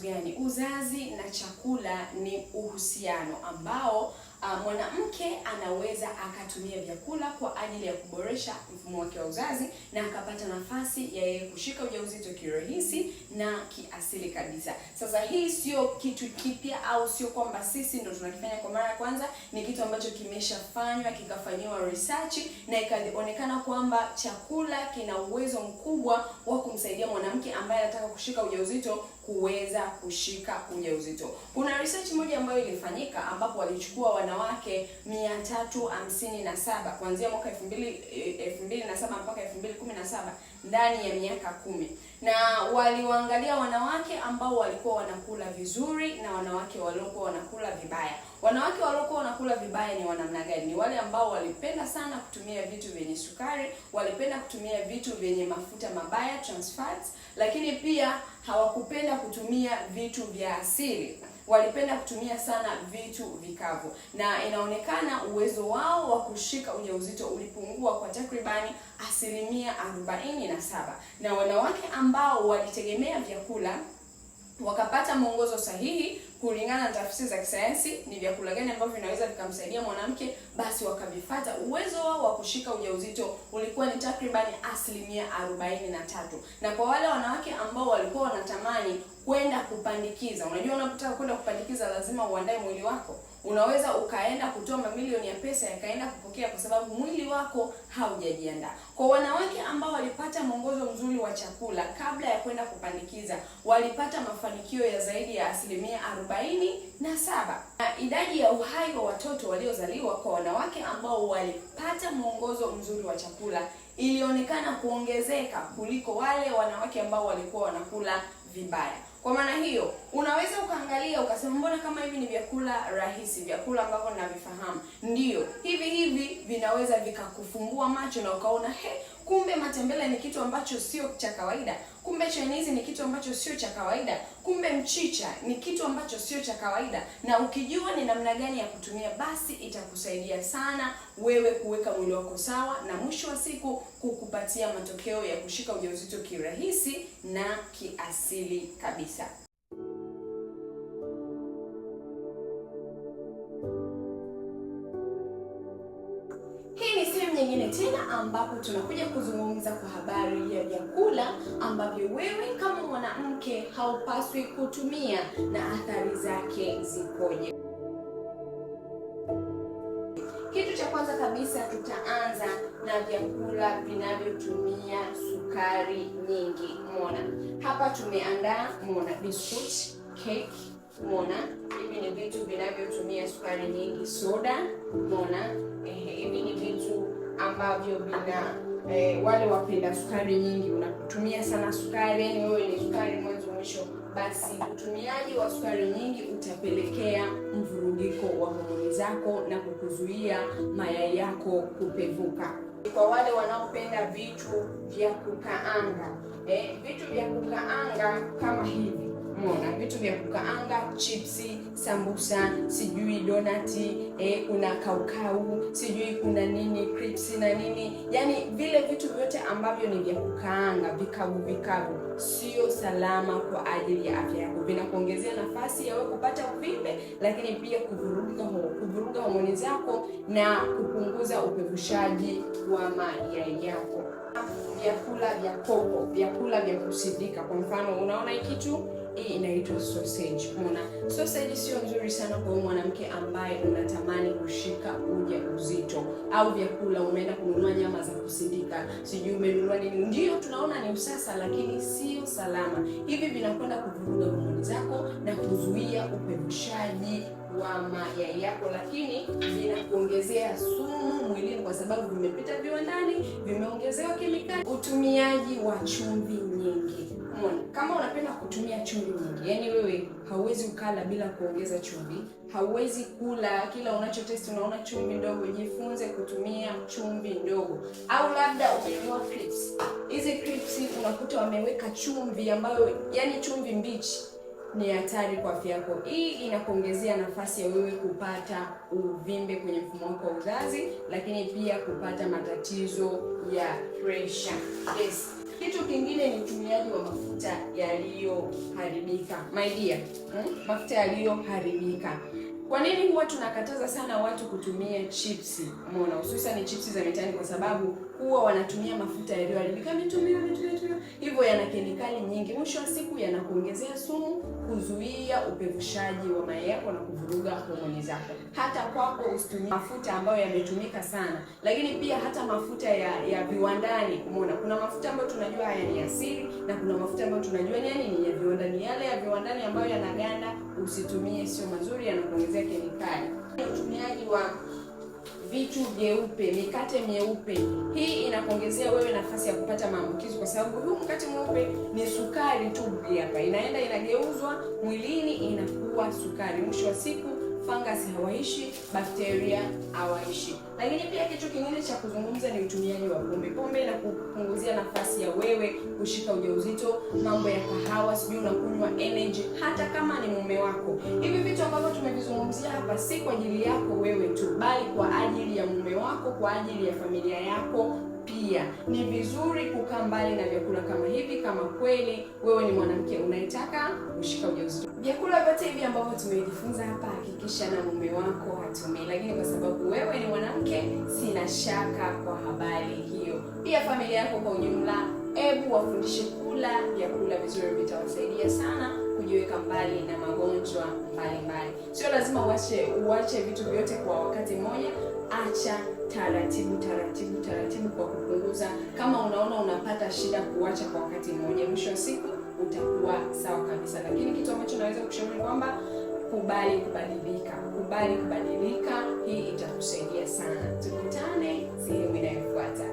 kitu gani? Uzazi na chakula ni uhusiano ambao uh, mwanamke anaweza akatumia vyakula kwa ajili ya kuboresha mfumo wake wa uzazi na akapata nafasi ya yeye kushika ujauzito kirahisi na kiasili kabisa. Sasa hii sio kitu kipya au sio kwamba sisi ndo tunakifanya kwa mara ya kwanza, ni kitu ambacho kimeshafanywa kikafanyiwa research na ikaonekana kwamba chakula kina uwezo mkubwa wa kumsaidia mwanamke ambaye anataka kushika ujauzito kuweza kushika ujauzito. Kuna research moja ambayo ilifanyika ambapo walichukua wanawake 357 kuanzia mwaka 2007 eh, mpaka 2017 ndani ya miaka kumi, na waliwaangalia wanawake ambao walikuwa wanakula vizuri na wanawake waliokuwa wanakula vibaya. Wanawake waliokuwa wanakula vibaya ni wanamna gani? Ni wale ambao walipenda sana kutumia vitu vyenye sukari, walipenda kutumia vitu vyenye mafuta mabaya trans fats, lakini pia hawakupenda kutumia vitu vya asili walipenda kutumia sana vitu vikavu, na inaonekana uwezo wao wa kushika ujauzito ulipungua kwa takribani asilimia 47, na wanawake ambao walitegemea vyakula wakapata mwongozo sahihi kulingana na tafsiri za kisayansi, ni vyakula gani ambavyo vinaweza vikamsaidia mwanamke, basi wakavifata. Uwezo wao wa kushika ujauzito ulikuwa ni takribani asilimia arobaini na tatu, na kwa wale wanawake ambao walikuwa wanatamani kwenda kupandikiza, unajua unapotaka kwenda kupandikiza lazima uandae mwili wako unaweza ukaenda kutoa mamilioni ya pesa yakaenda kupokea, kwa sababu mwili wako haujajiandaa. Kwa wanawake ambao walipata mwongozo mzuri wa chakula kabla ya kwenda kupandikiza, walipata mafanikio ya zaidi ya asilimia arobaini na saba na idadi ya uhai wa watoto waliozaliwa kwa wanawake ambao walipata mwongozo mzuri wa chakula ilionekana kuongezeka kuliko wale wanawake ambao walikuwa wanakula vibaya. Kwa maana hiyo unaweza ukaangalia ukasema mbona kama hivi ni vyakula rahisi, vyakula ambavyo navifahamu. ndio hivi hivi vinaweza vikakufumbua macho na ukaona he, kumbe matembele ni kitu ambacho sio cha kawaida, kumbe chainizi ni kitu ambacho sio cha kawaida, kumbe mchicha ni kitu ambacho sio cha kawaida. Na ukijua ni namna gani ya kutumia, basi itakusaidia sana wewe kuweka mwili wako sawa, na mwisho wa siku kukupatia matokeo ya kushika ujauzito kirahisi na kiasili kabisa. tena ambapo tunakuja kuzungumza kwa habari ya vyakula ambavyo wewe kama mwanamke haupaswi kutumia na athari zake zikoje. Kitu cha kwanza kabisa tutaanza na vyakula vinavyotumia sukari nyingi. Mona hapa tumeandaa mona biscuit, cake mona, hivi ni vitu vinavyotumia sukari nyingi, soda mona, hivi ni vitu ambavyo vina eh, wale wapenda sukari nyingi, unatumia sana sukari, wewe ni sukari mwanzo mwisho, basi utumiaji wa sukari nyingi utapelekea mvurugiko wa homoni zako na kukuzuia mayai yako kupevuka. Kwa wale wanaopenda vitu vya kukaanga eh, vitu vya kukaanga kama hivi Umeona vitu vya kukaanga, chipsi, sambusa, sijui donati, eh, kuna kaukau, sijui kuna nini kripsi na nini, yaani vile vitu vyote ambavyo ni vya kukaanga vikavu vikavu, sio salama kwa ajili ya afya yako. Vinakuongezea nafasi ya wewe kupata uvimbe, lakini pia kuvuruga kuvuruga homoni zako na kupunguza upevushaji wa mayai yako. Vyakula vya kopo, vyakula vya kusindika, kwa mfano unaona hii kitu hii inaitwa sausage. Mona, sausage sio nzuri sana kwa mwanamke ambaye unatamani kushika uzito au vyakula, umeenda kununua nyama za kusindika, sijui umenunua nini. Ndio tunaona ni usasa, lakini sio salama. Hivi vinakwenda kuvuruga homoni zako na kuzuia upevushaji wa mayai yako, lakini vinakuongezea sumu mwilini kwa sababu vimepita viwandani, vimeongezewa kemikali. Utumiaji wa chumvi nyingi Mona, kama unapenda kutumia chumvi nyingi, yani wewe hauwezi ukala bila kuongeza chumvi, hauwezi kula kila unachotesti unaona chumvi ndogo, jifunze kutumia chumvi ndogo. Au labda umenunua crisps, hizi crisps unakuta wameweka chumvi ambayo, yani chumvi mbichi ni hatari kwa afya yako. Hii inakuongezea nafasi ya wewe kupata uvimbe kwenye mfumo wako wa uzazi, lakini pia kupata matatizo ya pressure. Yes. Kitu kingine ni utumiaji wa mafuta yaliyoharibika. My dear, hmm? Mafuta yaliyoharibika. Kwa nini huwa tunakataza sana watu kutumia chipsi? Umeona, hususan chipsi za mitaani, kwa sababu huwa wanatumia mafuta yaliyoharibika, mitumio mitumio, hivyo yana kemikali nyingi, mwisho wa siku yanakuongezea sumu kuzuia upevushaji wa mayai yako na kuvuruga homoni zako. Hata kwako usitumie mafuta ambayo yametumika sana, lakini pia hata mafuta ya, ya viwandani. Umeona, kuna mafuta ambayo tunajua haya ni asili na kuna mafuta ambayo tunajua ni nini ya viwandani. Yale ya viwandani ambayo yanaganda usitumie, sio mazuri, yanakuongezea kemikali. Utumiaji wa vitu vyeupe, mikate myeupe. Hii inakuongezea wewe nafasi ya kupata maambukizi, kwa sababu huu mkate mweupe ni sukari tu hapa, inaenda inageuzwa mwilini, inakuwa sukari. Mwisho wa siku fungus hawaishi, bakteria hawaishi. Lakini pia kitu kingine cha kuzungumza ni utumiaji wa pombe. Pombe na kupunguzia nafasi ya wewe kushika ujauzito, mambo ya kahawa, sijui unakunywa energy, hata kama ni mume wako, hivi vitu ambavyo nazungumzia hapa si kwa ajili yako wewe tu, bali kwa ajili ya mume wako, kwa ajili ya familia yako pia. Ni vizuri kukaa mbali na vyakula kama hivi, kama kweli wewe ni mwanamke unayetaka kushika ujauzito. Vyakula vyote hivi ambavyo tumejifunza hapa, hakikisha na mume wako hatumii, lakini kwa sababu wewe ni mwanamke, sina shaka kwa habari hiyo. Pia familia yako kwa ujumla, hebu wafundishe kula vyakula vizuri, vitawasaidia sana kujiweka mbali na magonjwa mbalimbali. Sio lazima uache uache vitu vyote kwa wakati mmoja, acha taratibu taratibu taratibu, kwa kupunguza. Kama unaona unapata shida kuacha kwa wakati mmoja, mwisho wa siku utakuwa sawa kabisa. Lakini kitu ambacho naweza kushauri kwamba kubali kubadilika, kubali kubadilika. Hii itakusaidia sana. Tukutane sehemu inayofuata.